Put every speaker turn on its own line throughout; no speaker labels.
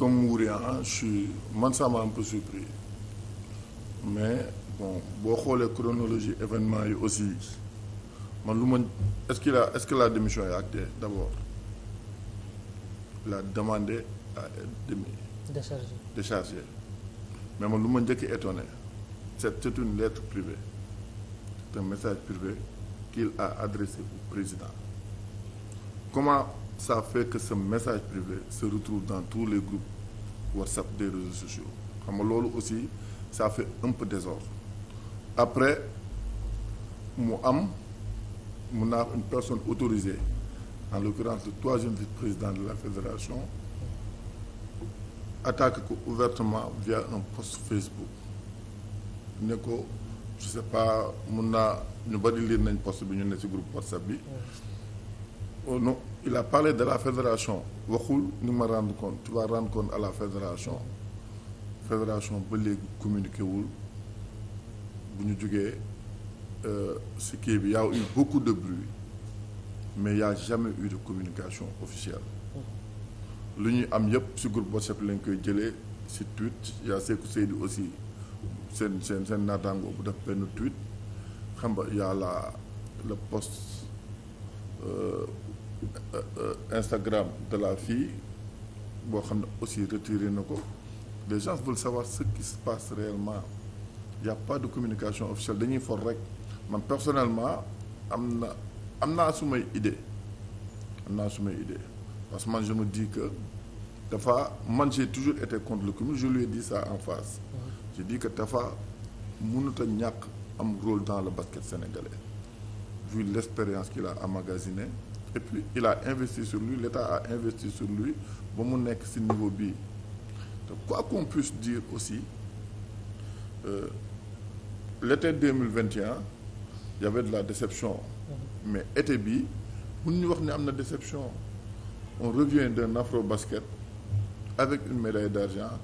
comme Mourian je suis man ça m'a un peu mais bon boo xoolee chronologie événement yi aussi man lu ma est-ce qu'il a est-ce que la démission ak actée d'abord il a demandé à être démis. déchargé mais man lu ma njëkk étonné c'est c'est une lettre privée c'est un message privé qu'il a adressé au président comment. ça fait que ce message privé se retrouve dans tous les groupes WhatsApp des réseaux sociaux xam nga loolu aussi ça fait un peu désordre après mu am mun naa une personne autorisée en l'occurrence le troisième vice-président de la fédération attaque ko ouvertement via un post Facebook ne ko je sais pas mun naa ñu bari lire nañ post bi ñu ne ci groupe WhatsApp bi oh non il a parlé de la fédération waxul ni ma rendre compte à la fédération fédération ba léegi communiqué wul bu ñu jógee euh, si kii bi y a eu beaucoup de bruit mais yaa a jamais eu de communication officielle lu ñuy am yëpp si groupe WhatsApp lañ koy jëlee si tweet y a Sekou aussi seen seen seen naataango bu def benn tweet xam nga y la le poste Euh, euh, Instagram de la fille boo xam ne aussi retiré na ko les gens veulent savoir ce qui se passe réellement il pas de communication officielle dañuy for rek man personnellement am na am naa sumay idée am naa sumay idée parce que man je me dis que Tafa toujours été contre le communisme je lui ai dit ça en face je dis que Tafa mënut a ñàkk am rôle dans le basket sénégalais vu l'expérience qu'il a emmagasinée et il a investi sur lui l'État a investi sur lui ba mu nekk ci niveau bii te quoi qu'on puisse dire aussi euh, l'été 2021 il y avait de la déception mm-hmm. mais été bi mun ñu wax ni am na déception on revient d'un afro-basket avec une médaille d'argent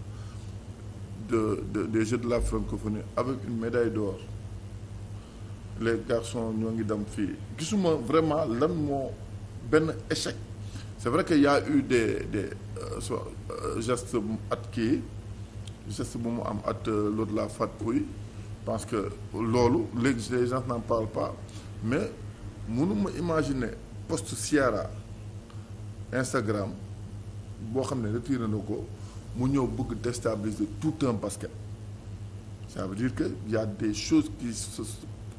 de, de des Jeux de la francophonie avec une médaille d'or les garçons ñoo ngi dem fii gisuma vraiment lan moo benn échec c'est vrai que y a eu des des euh, euh, gestes at kii geste bu mu am at euh, l'autre la fat puy parce que loolu léegi les gens n'en parlent pas mais mënuma imaginer post siara Instagram boo xam ne retiré na ko mu ñëw bugg déstabiliser tout un basket ça veut dire que ya a des choses qui se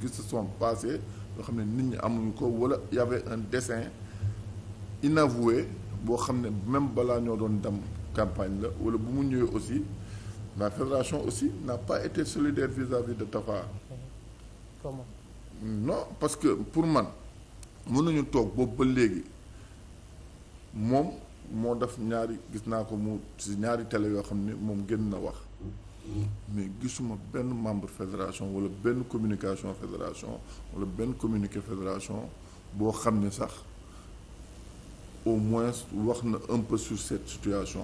qui se sont passées yoo xam ne nit ñi amuñu ko wala y un dessin inavoué boo xam ne même balaa ñoo doon dem campagne la wala bu mu ñëwee aussi la fédération aussi n'a pas été solidaire vis-à-vis de Tapha. comment. non parce que pour man nañu toog boobu ba léegi moom moo def ñaari gis naa ko mu si ñaari tele yoo xam ne moom gën na wax mais gisuma benn membre fédération wala benn communication fédération wala benn communiqué fédération boo xam ne sax. au moins wax na un peu sur cette situation